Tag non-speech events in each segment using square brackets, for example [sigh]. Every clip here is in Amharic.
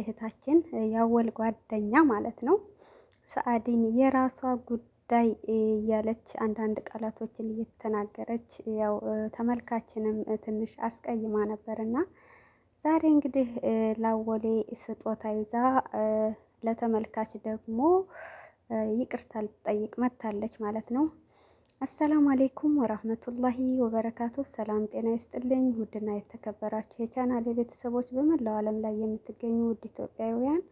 እህታችን ያወል ጓደኛ ማለት ነው ሰአዲን የራሷ ጉዳይ እያለች አንዳንድ ቃላቶችን እየተናገረች ያው ተመልካችንም ትንሽ አስቀይማ ነበርና ዛሬ እንግዲህ ላወሌ ስጦታ ይዛ ለተመልካች ደግሞ ይቅርታ ልትጠይቅ መታለች ማለት ነው። አሰላሙ አሌይኩም ወራህመቱላሂ ወበረካቱ። ሰላም ጤና ይስጥልኝ። ውድና የተከበራችሁ የቻናሌ ቤተሰቦች በመላው ዓለም ላይ የምትገኙ ውድ ኢትዮጵያውያን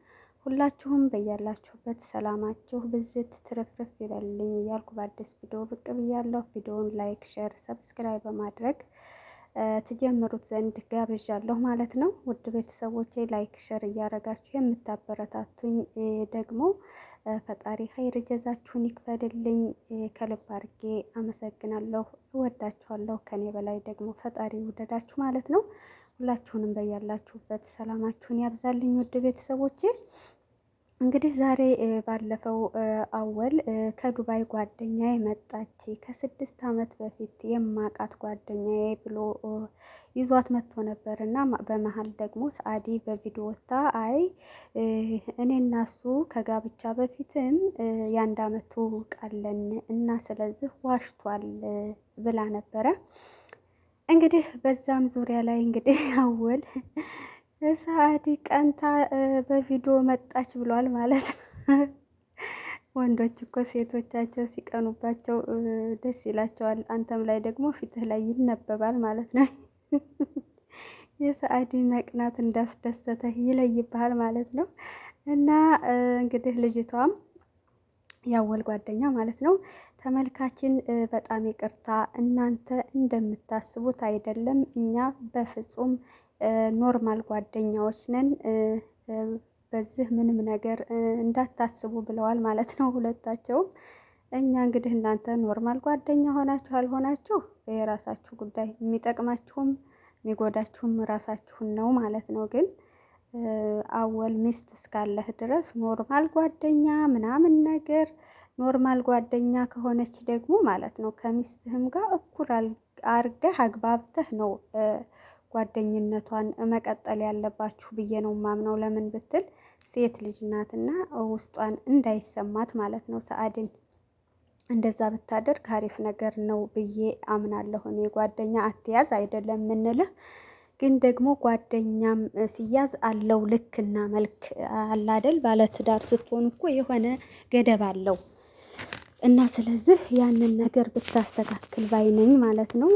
ሁላችሁም በያላችሁበት ሰላማችሁ ብዝት ትርፍርፍ ይበልልኝ እያልኩ በአዲስ ቪዲዮ ብቅ ብያለሁ። ቪዲዮውን ላይክ፣ ሼር፣ ሰብስክራይብ በማድረግ ትጀምሩት ዘንድ ጋብዣለሁ ማለት ነው። ውድ ቤተሰቦቼ ላይክ፣ ሸር እያረጋችሁ የምታበረታቱኝ ደግሞ ፈጣሪ ኸይር ጀዛችሁን ይክፈልልኝ። ከልብ አርጌ አመሰግናለሁ። እወዳችኋለሁ። ከኔ በላይ ደግሞ ፈጣሪ ውደዳችሁ ማለት ነው። ሁላችሁንም በያላችሁበት ሰላማችሁን ያብዛልኝ ውድ ቤተሰቦቼ። እንግዲህ ዛሬ ባለፈው አወል ከዱባይ ጓደኛ የመጣች ከስድስት ዓመት በፊት የማቃት ጓደኛ ብሎ ይዟት መጥቶ ነበር እና በመሀል ደግሞ ሰአዲ በቪዲዮ ወታ አይ እኔ እና እሱ ከጋብቻ በፊትም የአንድ ዓመት ትውውቅ እና ስለዚህ ዋሽቷል ብላ ነበረ። እንግዲህ በዛም ዙሪያ ላይ እንግዲህ አወል ሰአዲ ቀንታ በቪዲዮ መጣች ብሏል ማለት ነው። ወንዶች እኮ ሴቶቻቸው ሲቀኑባቸው ደስ ይላቸዋል። አንተም ላይ ደግሞ ፊትህ ላይ ይነበባል ማለት ነው። የሰአዲ መቅናት እንዳስደሰተህ ይለይብሃል ማለት ነው። እና እንግዲህ ልጅቷም ያወል ጓደኛ ማለት ነው። ተመልካችን በጣም ይቅርታ፣ እናንተ እንደምታስቡት አይደለም። እኛ በፍጹም ኖርማል ጓደኛዎች ነን፣ በዚህ ምንም ነገር እንዳታስቡ ብለዋል ማለት ነው ሁለታቸውም። እኛ እንግዲህ እናንተ ኖርማል ጓደኛ ሆናችሁ አልሆናችሁ የራሳችሁ ጉዳይ፣ የሚጠቅማችሁም የሚጎዳችሁም ራሳችሁን ነው ማለት ነው። ግን አወል ሚስት እስካለህ ድረስ ኖርማል ጓደኛ ምናምን ነገር ኖርማል ጓደኛ ከሆነች ደግሞ ማለት ነው ከሚስትህም ጋር እኩል አርገህ አግባብተህ ነው ጓደኝነቷን መቀጠል ያለባችሁ ብዬ ነው ማምነው። ለምን ብትል ሴት ልጅ ናትና ውስጧን እንዳይሰማት ማለት ነው። ሰአድን እንደዛ ብታደርግ አሪፍ ነገር ነው ብዬ አምናለሁ እኔ። ጓደኛ አትያዝ አይደለም ምንልህ፣ ግን ደግሞ ጓደኛም ሲያዝ አለው ልክና መልክ አላደል። ባለትዳር ስትሆን እኮ የሆነ ገደብ አለው እና ስለዚህ ያንን ነገር ብታስተካክል ባይነኝ ማለት ነው።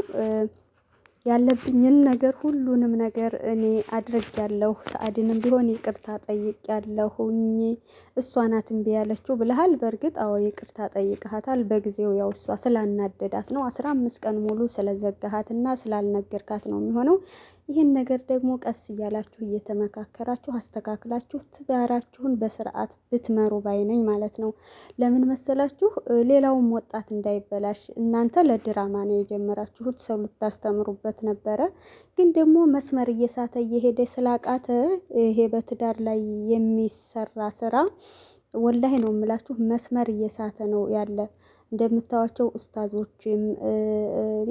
ያለብኝን ነገር ሁሉንም ነገር እኔ አድርግ ያለሁ ሰአድንም ቢሆን ይቅርታ ጠይቄያለሁኝ እሷ ናት እምቢ ያለችው ብለሃል። በእርግጥ አዎ ይቅርታ ጠይቅሃታል። በጊዜው ያው እሷ ስላናደዳት ነው አስራ አምስት ቀን ሙሉ ስለዘጋሃትና ስላልነገርካት ነው የሚሆነው ይህን ነገር ደግሞ ቀስ እያላችሁ እየተመካከራችሁ አስተካክላችሁ ትዳራችሁን በስርዓት ብትመሩ ባይነኝ ማለት ነው። ለምን መሰላችሁ? ሌላውም ወጣት እንዳይበላሽ። እናንተ ለድራማ ነው የጀመራችሁት፣ ሰው ልታስተምሩበት ነበረ። ግን ደግሞ መስመር እየሳተ እየሄደ ስላቃተ ይሄ በትዳር ላይ የሚሰራ ስራ ወላሂ ነው የምላችሁ፣ መስመር እየሳተ ነው ያለ። እንደምታዋቸው ኡስታዞችም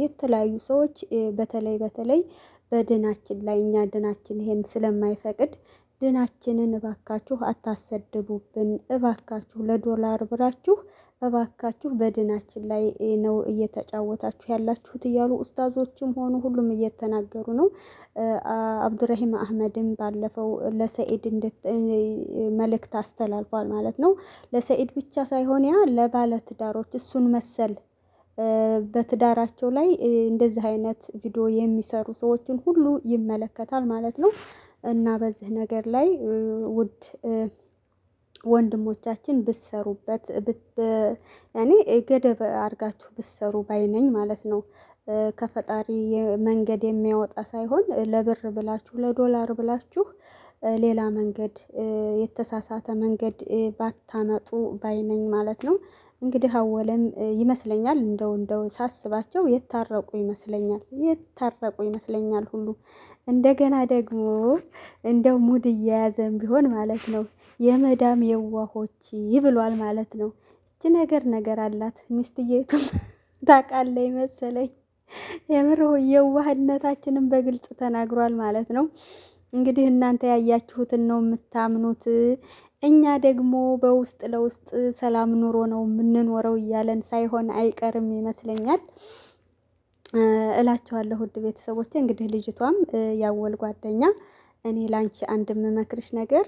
የተለያዩ ሰዎች በተለይ በተለይ በድናችን ላይ እኛ ድናችን ይሄን ስለማይፈቅድ ድናችንን እባካችሁ አታሰድቡብን፣ እባካችሁ ለዶላር ብላችሁ እባካችሁ በድናችን ላይ ነው እየተጫወታችሁ ያላችሁት እያሉ ኡስታዞችም ሆኑ ሁሉም እየተናገሩ ነው። አብዱራሂም አህመድም ባለፈው ለሰኢድ መልእክት አስተላልፏል ማለት ነው። ለሰኢድ ብቻ ሳይሆን ያ ለባለትዳሮች እሱን መሰል በትዳራቸው ላይ እንደዚህ አይነት ቪዲዮ የሚሰሩ ሰዎችን ሁሉ ይመለከታል ማለት ነው። እና በዚህ ነገር ላይ ውድ ወንድሞቻችን ብትሰሩበት ያኔ ገደብ አድርጋችሁ ብትሰሩ ባይነኝ ማለት ነው። ከፈጣሪ መንገድ የሚያወጣ ሳይሆን ለብር ብላችሁ ለዶላር ብላችሁ ሌላ መንገድ የተሳሳተ መንገድ ባታመጡ ባይነኝ ማለት ነው። እንግዲህ አወለም ይመስለኛል እንደው እንደው ሳስባቸው የታረቁ ይመስለኛል የታረቁ ይመስለኛል ሁሉ እንደገና ደግሞ እንደው ሙድ እየያዘም ቢሆን ማለት ነው የመዳም የዋሆች ይብሏል ማለት ነው። እቺ ነገር ነገር አላት ሚስትየቱም [laughs] ታውቃለች መሰለኝ። የምሮ የዋህነታችንን በግልጽ ተናግሯል ማለት ነው። እንግዲህ እናንተ ያያችሁትን ነው የምታምኑት። እኛ ደግሞ በውስጥ ለውስጥ ሰላም ኑሮ ነው የምንኖረው እያለን ሳይሆን አይቀርም ይመስለኛል እላችኋለሁ። ውድ ቤተሰቦች እንግዲህ ልጅቷም ያወል ጓደኛ፣ እኔ ላንቺ አንድ የምመክርሽ ነገር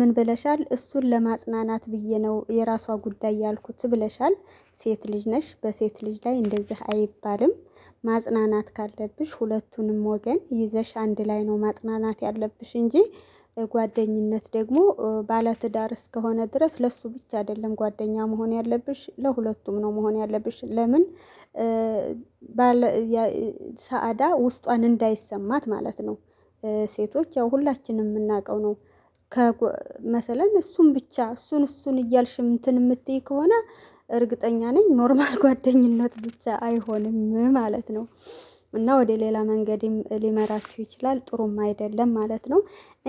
ምን ብለሻል? እሱን ለማጽናናት ብዬ ነው የራሷ ጉዳይ ያልኩት ብለሻል። ሴት ልጅ ነሽ፣ በሴት ልጅ ላይ እንደዚህ አይባልም። ማጽናናት ካለብሽ ሁለቱንም ወገን ይዘሽ አንድ ላይ ነው ማጽናናት ያለብሽ እንጂ ጓደኝነት ደግሞ ባለትዳር እስከሆነ ድረስ ለሱ ብቻ አይደለም ጓደኛ መሆን ያለብሽ፣ ለሁለቱም ነው መሆን ያለብሽ። ለምን ሰአዳ ውስጧን እንዳይሰማት ማለት ነው። ሴቶች ያው ሁላችንም የምናውቀው ነው። መሰለን እሱን ብቻ እሱን እሱን እያልሽ እንትን የምትይ ከሆነ እርግጠኛ ነኝ ኖርማል [laughs] ጓደኝነት ብቻ አይሆንም ማለት ነው። እና ወደ ሌላ መንገድም ሊመራችሁ ይችላል። ጥሩም አይደለም ማለት ነው።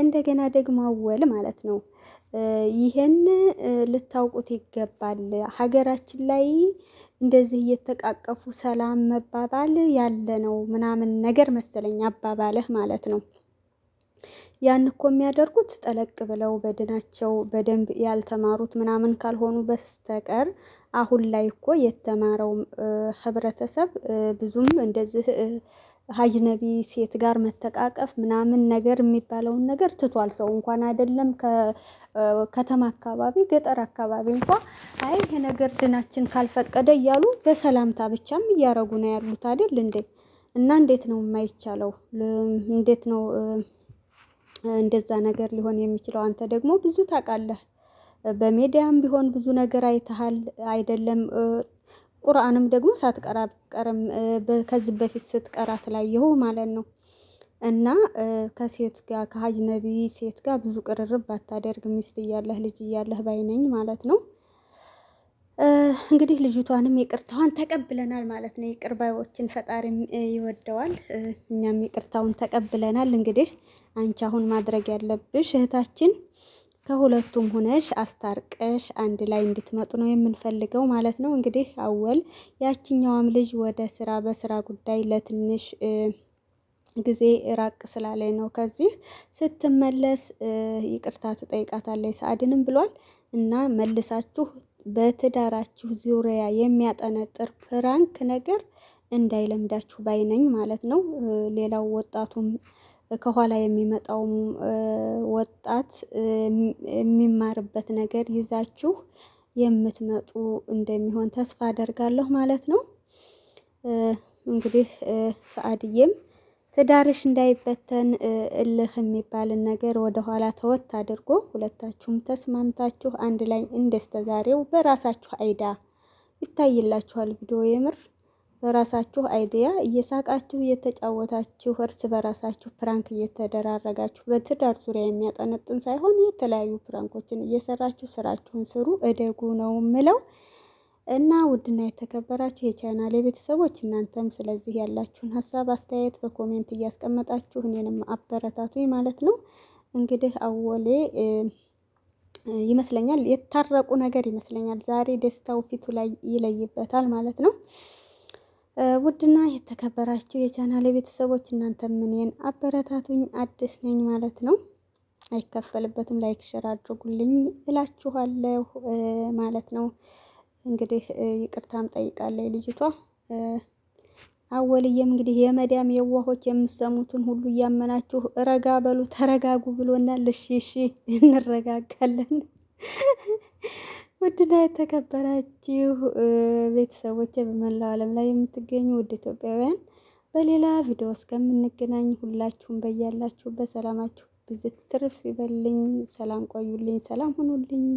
እንደገና ደግሞ አወል ማለት ነው። ይህን ልታውቁት ይገባል። ሀገራችን ላይ እንደዚህ እየተቃቀፉ ሰላም መባባል ያለ ነው ምናምን ነገር መሰለኝ አባባልህ ማለት ነው። ያን እኮ የሚያደርጉት ጠለቅ ብለው በድናቸው በደንብ ያልተማሩት ምናምን ካልሆኑ በስተቀር አሁን ላይ እኮ የተማረው ህብረተሰብ ብዙም እንደዚህ አጅነቢ ሴት ጋር መተቃቀፍ ምናምን ነገር የሚባለውን ነገር ትቷል። ሰው እንኳን አይደለም ከተማ አካባቢ ገጠር አካባቢ እንኳ አይ ይሄ ነገር ድናችን ካልፈቀደ እያሉ በሰላምታ ብቻም እያረጉ ነው ያሉት አይደል እንዴ? እና እንዴት ነው የማይቻለው? እንዴት ነው እንደዛ ነገር ሊሆን የሚችለው አንተ ደግሞ ብዙ ታውቃለህ። በሜዲያም ቢሆን ብዙ ነገር አይተሃል አይደለም። ቁርአንም ደግሞ ሳትቀራ አትቀርም። ከዚህ በፊት ስትቀራ ስላየሁ ማለት ነው። እና ከሴት ጋር ከአጅነቢ ሴት ጋር ብዙ ቅርርብ ባታደርግ ሚስት እያለህ ልጅ እያለህ ባይነኝ ማለት ነው። እንግዲህ ልጅቷንም ይቅርታዋን ተቀብለናል ማለት ነው። ይቅር ባዮችን ፈጣሪም ይወደዋል። እኛም ይቅርታውን ተቀብለናል እንግዲህ አንቺ አሁን ማድረግ ያለብሽ እህታችን ከሁለቱም ሆነሽ አስታርቀሽ አንድ ላይ እንድትመጡ ነው የምንፈልገው ማለት ነው። እንግዲህ አወል ያችኛዋም ልጅ ወደ ስራ በስራ ጉዳይ ለትንሽ ጊዜ ራቅ ስላለኝ ነው ከዚህ ስትመለስ ይቅርታ ትጠይቃታለች ሰአድንም ብሏል እና መልሳችሁ በትዳራችሁ ዙሪያ የሚያጠነጥር ፕራንክ ነገር እንዳይለምዳችሁ ባይነኝ ማለት ነው። ሌላው ወጣቱም ከኋላ የሚመጣው ወጣት የሚማርበት ነገር ይዛችሁ የምትመጡ እንደሚሆን ተስፋ አደርጋለሁ ማለት ነው። እንግዲህ ሰአድዬም ትዳርሽ እንዳይበተን እልህ የሚባልን ነገር ወደኋላ ተወት አድርጎ ሁለታችሁም ተስማምታችሁ አንድ ላይ እንደስተዛሬው በራሳችሁ አይዳ ይታይላችኋል ቪዲዮ የምር በራሳችሁ አይዲያ እየሳቃችሁ እየተጫወታችሁ እርስ በራሳችሁ ፕራንክ እየተደራረጋችሁ በትዳር ዙሪያ የሚያጠነጥን ሳይሆን የተለያዩ ፕራንኮችን እየሰራችሁ ስራችሁን ስሩ፣ እደጉ ነው ምለው እና ውድና የተከበራችሁ የቻናል የቤተሰቦች እናንተም ስለዚህ ያላችሁን ሀሳብ አስተያየት በኮሜንት እያስቀመጣችሁ እኔንም አበረታቱኝ ማለት ነው። እንግዲህ አወሌ ይመስለኛል የታረቁ ነገር ይመስለኛል። ዛሬ ደስታው ፊቱ ላይ ይለይበታል ማለት ነው። ውድና የተከበራችሁ የቻናል ቤተሰቦች እናንተ ምንን አበረታቱኝ፣ አዲስ ነኝ ማለት ነው። አይከፈልበትም። ላይክ ሸር አድርጉልኝ እላችኋለሁ ማለት ነው። እንግዲህ ይቅርታም ጠይቃለሁ ልጅቷ። አወልየም እንግዲህ የመዳም የዋሆች የምሰሙትን ሁሉ እያመናችሁ ረጋ በሉ ተረጋጉ ብሎናል። እሺ እሺ እንረጋጋለን። ውድና የተከበራችሁ ቤተሰቦች በመላው ዓለም ላይ የምትገኙ ውድ ኢትዮጵያውያን በሌላ ቪዲዮ እስከምንገናኝ ሁላችሁም በያላችሁበት ሰላማችሁ ብዝት ትርፍ ይበልኝ። ሰላም ቆዩልኝ። ሰላም ሁኑልኝ።